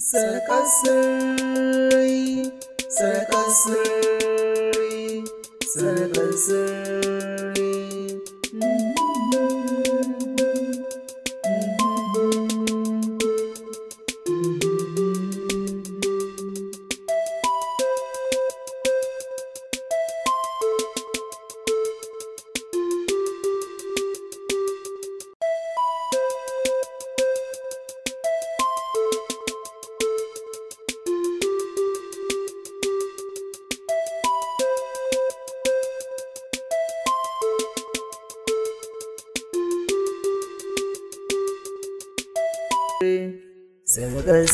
Sarkasai, sarkasai, sarkasai.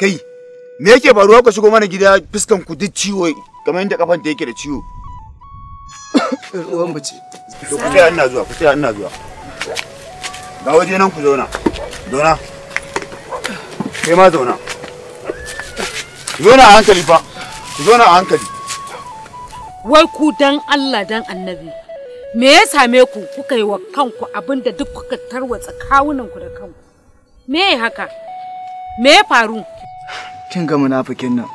Kai, me yake faruwa ka shigo mana gida fuskan ku duk ciwo kamar yadda kafan ta yake da ciwo? Ruwan bace. Ku tsaya ina zuwa, ku tsaya ina zuwa. Ga waje nan ku zauna. Zauna. Kai ma zauna. Zauna a hankali fa. Zauna a hankali. Wai ku dan Allah dan Annabi. me ya same ku kuka yi wa kanku abinda duk kuka tarwatsa ku da kanku me ya haka me ya faru kin ga munafikin nan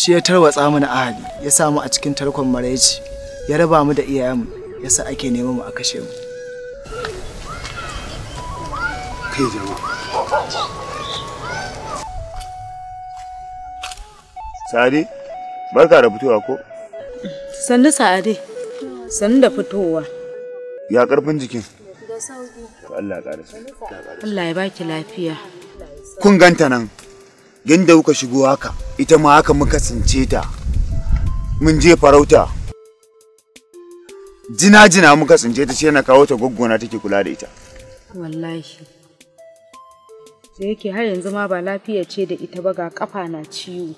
shi ya tarwatsa mana ahali ya samu a cikin tarkon maraici ya raba mu da iyayenmu ya sa ake neman mu a kashe mu kai jama'a sadi barka da fitowa ko sannu sa'ade sannu da fitowa ya karfin jikin Allah ya Allah ya baki lafiya kun ganta nan yadda kuka shigo haka ita ma haka muka tsince ta mun je farauta jina-jina muka tsince ta sai na kawo ta gwaggona take kula da ita wallahi da yake har yanzu ma ba lafiya ce da ita ba ga kafa na ciwo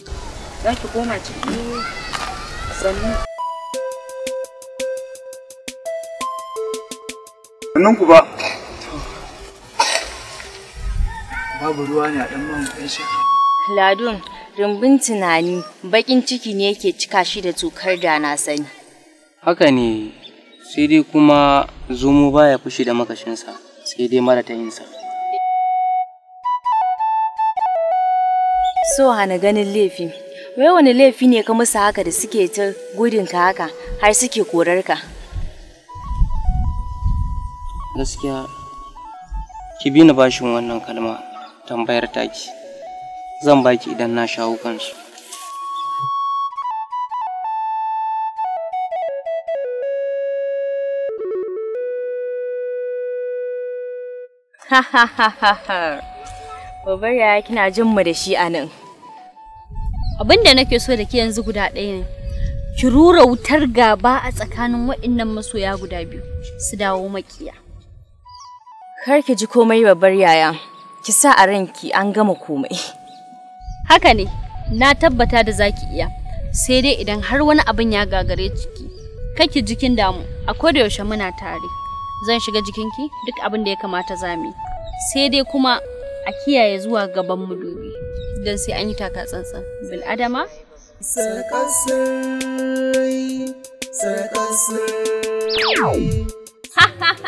za ki koma ciki sannan sannan ku ba babu ruwa ne a ɗan man ɗan shi Ladun, rumbun tunani, bakin ciki ne yake cika shi da tukar da na sani. Haka ne, sai dai kuma zumu baya fushi da makashinsa, sai dai mara ta yinsa. So hana ganin laifi, wai wani laifi ne ka musu haka da suke ta gudunka haka har suke korar ka. Gaskiya, ki bi ni bashin wannan kalma tambayar taki. zan baki idan na shawo kansu Babbar yaya kina jin mu da shi a nan. Abin da nake so da ke yanzu guda ɗaya ne. Ki rura wutar gaba a tsakanin waɗannan masoya guda biyu su dawo makiya. Kar ki ji komai babbar yaya. Ki sa a ranki an gama komai. haka ne na tabbata da zaki iya sai dai idan har wani abin ya gagare ciki kake jikin damu a koda yaushe muna tare zan shiga jikinki duk abin da ya kamata za sai dai kuma a kiyaye zuwa gaban mu dubi don sai an yi taka tsantsan bil adama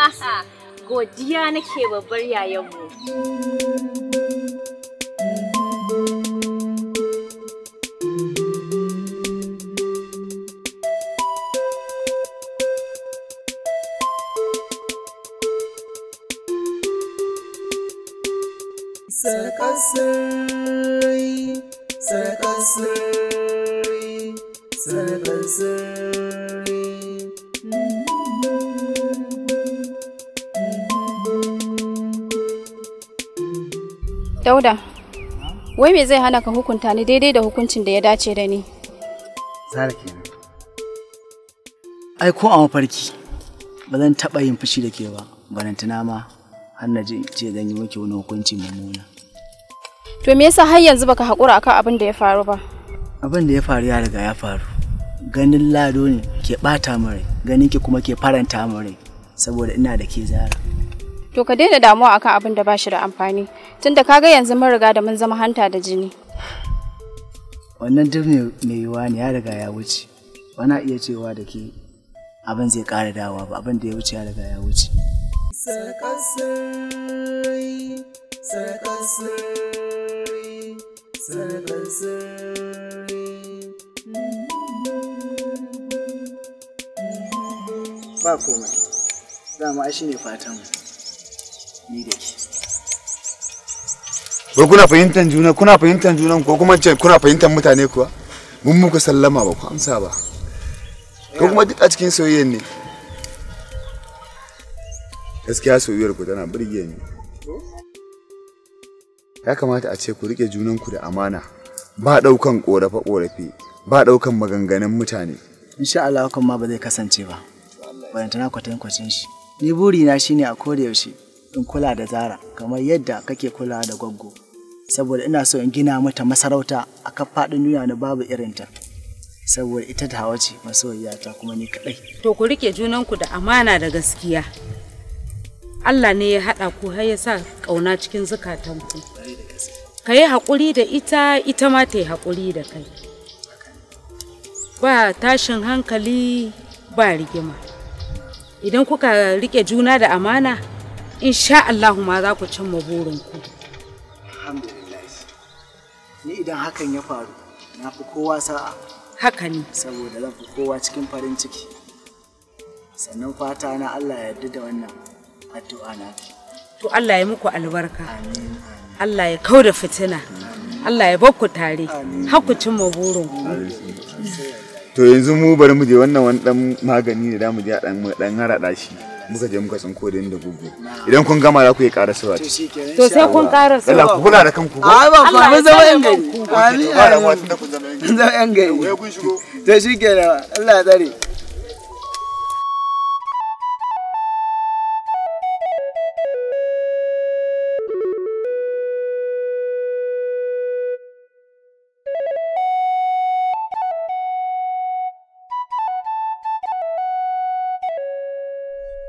godiya nake babbar yayanmu Sarkasai, Dauda, wai me zai hana ka hukunta ni daidai da hukuncin da ya dace da ni? Zara Ai ko a mafarki ba zan taɓa yin fushi da ke ba, tuna ma har na je zan yi wani hukunci mummuna. To me yasa har yanzu baka haƙura akan abin da ya faru ba? Abin da ya faru ya riga ya faru. Ganin lado ne ke ɓata min ganin ki kuma ke faranta min saboda ina da ke zara. To ka daina damuwa akan abin da ba shi da amfani, tunda kaga yanzu mun riga da mun zama hanta da jini. Wannan duk mai yiwuwa ne ya riga ya wuce. Bana iya cewa da ke abin zai ƙara dawa ba abin da ya wuce ya riga ya wuce. Sarkasai, sarkasai. sarrafa sirri ba komai dama shi ne fatan ni da ke ko kuna fahimtar juna kuna fahimtar junan ko kuma ce kuna fahimtar mutane kuwa mun muku sallama ba ku amsa ba ko kuma duk a cikin soyayyar ne gaskiya soyayyar ku tana birge ni ya kamata a ce ku riƙe junanku da amana ba ɗaukan ƙorafe-ƙorafe ba ɗaukan maganganun mutane insha Allah hakan ma ba zai kasance ba barantana kwatankwacin shi ni buri na shine a koda yaushe in kula da zara kamar yadda kake kula da gwaggo saboda ina so in gina mata masarauta a kan fadin duniya na babu irinta saboda ita ta hawa ce ta kuma ni kaɗai. To ku rike junanku da amana da gaskiya. Allah ne ya haɗa ku har ya sa kauna cikin zukatanku. ka yi haƙuri da ita ita ma ta yi haƙuri da kai ba tashin hankali ba rigima idan kuka riƙe juna da amana insha Allahu ma za ku cimma burinku alhamdulillah ni idan hakan ya faru na fi kowa sa'a haka ne saboda zan fi kowa cikin farin ciki sannan fata na Allah ya yarda da wannan addu'a na to Allah ya muku albarka amin Allah ya kau da fitina Allah ya bakku tare har haku cin burin to yanzu mu bari mu je wannan wani dan magani ne da mu je a dan dan harada shi muka je muka tsinko da inda gugu idan kun gama za ku yi ƙara sawa to sai kun ƙara sawa Allah ku kula da kanku a ba ku mun zama yan gari amin amin zama yan gari to shikenan Allah ya tsare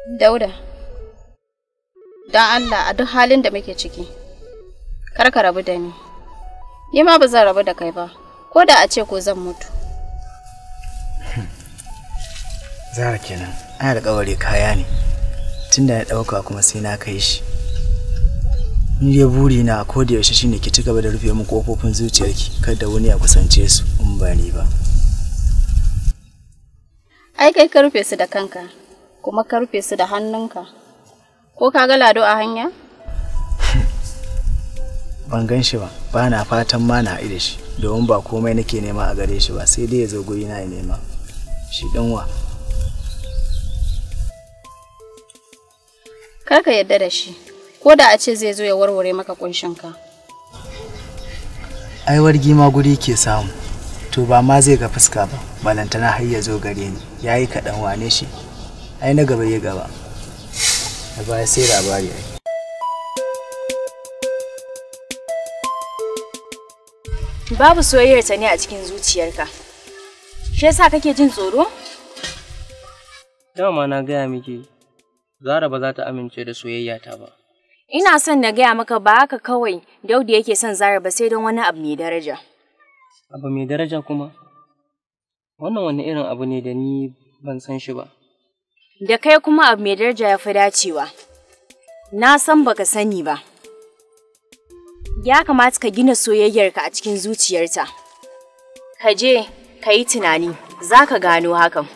Dauda, don Allah a duk halin da muke ciki, kar ka rabu da ni. Ni ma ba zan rabu da kai ba, ko da a ce ko zan mutu. Zara kenan, ana da kawari kaya ne, tunda na ɗauka kuma sai na kai shi. Ni ya buri na ko da yaushe shine ki ci gaba da rufe min kofofin zuciyarki, kada wani ya kusance su in ba ni ba. Ai kai ka rufe su da kanka. kuma ka rufe su da hannunka ko ka ga lado a hanya ban gan shi ba ba na fatan ma na haɗu shi domin ba komai nake nema a gare shi ba sai dai ya zo guri na ya nema shi wa. kar ka yarda da shi ko da a ce zai zo ya warware maka kunshinka ai wargi ma guri ke samu to ba ma zai ga fuska ba balantana har ya zo gare ni yayi kaɗan wane shi ai na gaba ya gaba a baya sai labari ai babu soyayyar ta ne a cikin zuciyarka shi yasa kake jin tsoro dama na gaya miki zara ba za ta amince da soyayya ta ba ina son na gaya maka ba haka kawai daudu yake son zara ba sai don wani abu mai daraja abu mai daraja kuma wannan wani irin abu ne da ni ban san shi ba da kai kuma abu mai daraja ya fi dacewa. Na san baka sani ba. Ya kamata ka gina soyayyarka a cikin zuciyarta. Ka je, ka yi tunani, za ka gano hakan.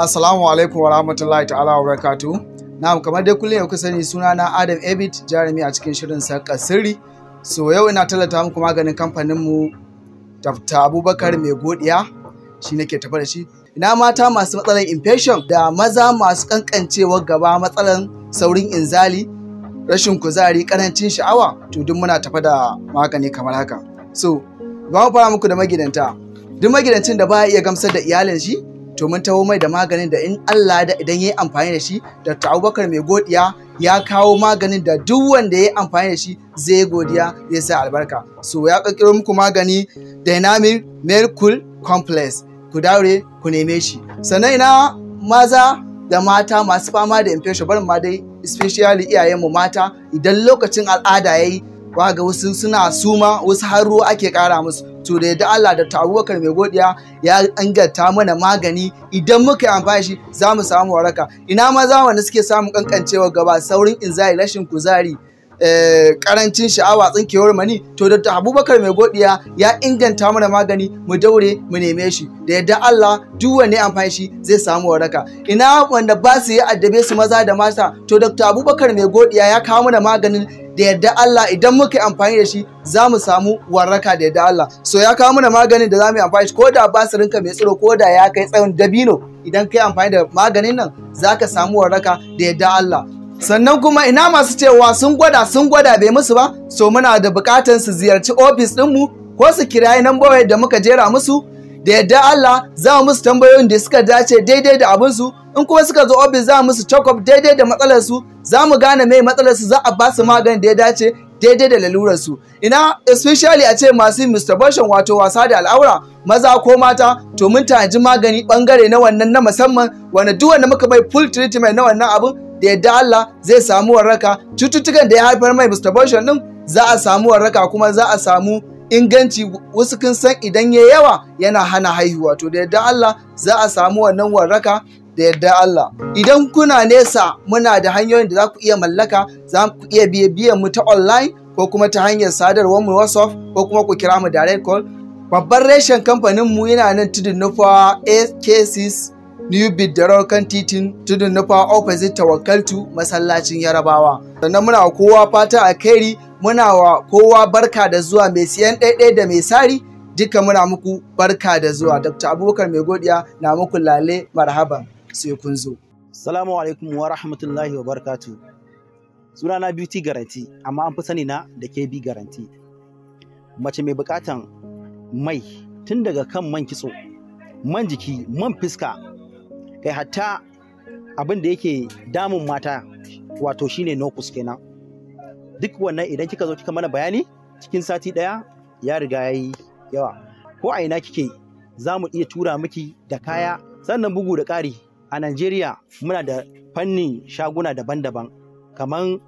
Assalamu alaikum wa rahmatullahi ta'ala wa barakatu. Na'am kamar dai kullum kuka sani suna na Adam Abid jarumi a cikin shirin sarka sirri. So yau ina tallata muku maganin kamfanin mu Tafta Abubakar mai godiya shi nake tafa da shi. Ina mata masu matsalar infection da maza masu kankancewar gaba matsalar saurin inzali rashin kuzari karancin sha'awa to duk muna tafa da magani kamar haka. So ba mu fara muku da magidanta. Duk magidancin da ba iya gamsar da iyalin shi to mun taho mai da maganin da in Allah da idan yi amfani da shi da Abubakar mai godiya ya kawo maganin da duk wanda ya yi amfani da shi zai godiya ya sa albarka so ya kirkiro muku magani dynamic mercury complex ku daure ku neme shi sannan ina maza da mata masu fama da infection barin ma dai especially iyayenmu mata idan lokacin al'ada yayi wa ga wasu suna suma wasu har ruwa ake kara musu to da yadda Allah da Abubakar mai godiya ya angata mana magani idan muka yi amfani shi za mu samu waraka ina ma zamani suke samun kankancewa gaba saurin inzai rashin kuzari Eh, karancin sha'awa tsinkewar mani to dr abubakar mai godiya ya inganta mana magani mu daure mu neme shi da yadda allah duk wani amfani shi zai samu waraka ina wanda ba su yi addabe su maza da mata to dr abubakar mai godiya ya kawo mana maganin da yadda Allah idan muka yi amfani da shi za mu samu waraka. da yadda Allah so ya kawo mana maganin da za mu yi amfani shi ko da rinka mai tsiro ko da ya kai tsayin dabino idan ka yi amfani da maganin nan za ka samu waraka. da yadda Allah sannan kuma ina masu cewa sun gwada sun gwada bai musu ba so muna da bukatan su ziyarci ofis ɗinmu ko su kirayi nan bawai da muka jera musu da yadda Allah za mu musu tambayoyin da suka dace daidai da abin su in kuma suka zo ofis za musu check up daidai da matsalar su za mu gane mai matsalar su za a ba su magani da ya dace daidai da lalurar su ina especially a ce masu masturbation wato wasa da al'aura maza ko mata to mun tanaji magani bangare na wannan na musamman wanda duk wanda muka bai full treatment na wannan abin da yadda Allah zai samu warraka cututtukan da ya haifar mai masturbation din za a samu warraka kuma za a samu inganci wasu kun san idan ya yawa yana hana haihuwa to da yadda Allah za a samu wannan warraka da yadda Allah idan kuna nesa muna da hanyoyin da za ku iya mallaka za ku iya biye biyan mu ta online ko kuma ta hanyar sadarwar mu WhatsApp ko kuma ku kira mu direct call babban reshen kamfanin mu yana nan tudun nufa AKCs new bit da raukan titin tudun nufa opposite tawakkaltu masallacin yarabawa sannan muna kowa fata a kairi muna wa kowa barka da zuwa mai siyan ɗaiɗai da mai sari duka muna muku barka da zuwa dr abubakar mai godiya na muku lale marhaban sai kun zo salamu alaikum wa rahmatullahi wa barkatu sunana beauty garanti amma an fi sani na da kb garanti mace mai bukatan mai tun daga kan man kitso man jiki man fiska kai hatta abin da yake damun mata wato shine nokus kenan duk wannan idan kika zo kika mana bayani cikin sati daya ya riga ya yi yawa ko a ina kike za mu iya tura miki da kaya sannan bugu da ƙari a Najeriya muna da fannin shaguna daban-daban kamar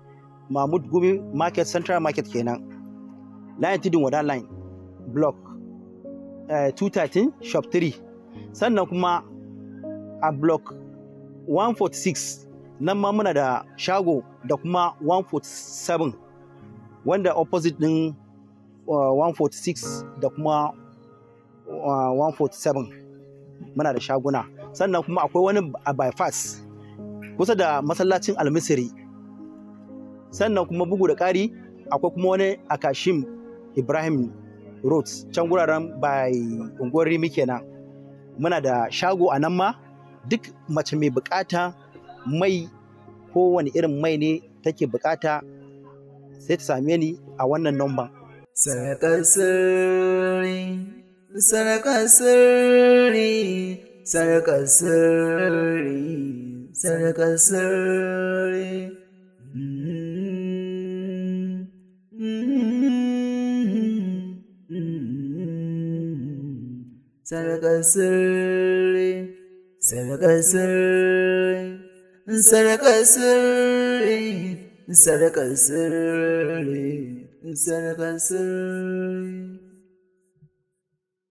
Mahmud Gumi Market Central Market kenan Lion Tudun Wada Line Block 213 eh, Shop 3 sannan kuma a block 146 nan ma muna da shago da kuma 147 wanda opposite din uh, 146 da kuma 147 uh, muna da shaguna sannan kuma akwai wani a bypass kusa da masallacin almisiri sannan kuma bugu da ƙari akwai kuma wani a kashim ibrahim road can guraren by unguwar rimi kenan muna da shago a nan ma duk mace mai bukata mai kowane irin mai ne take bukata sai ta same ni a wannan nomba. Sarakar sirri, sarakar sirri, sarakar sirri, sarakar sirri. Sarakar sirri. Sarka sirri, sarka sirri,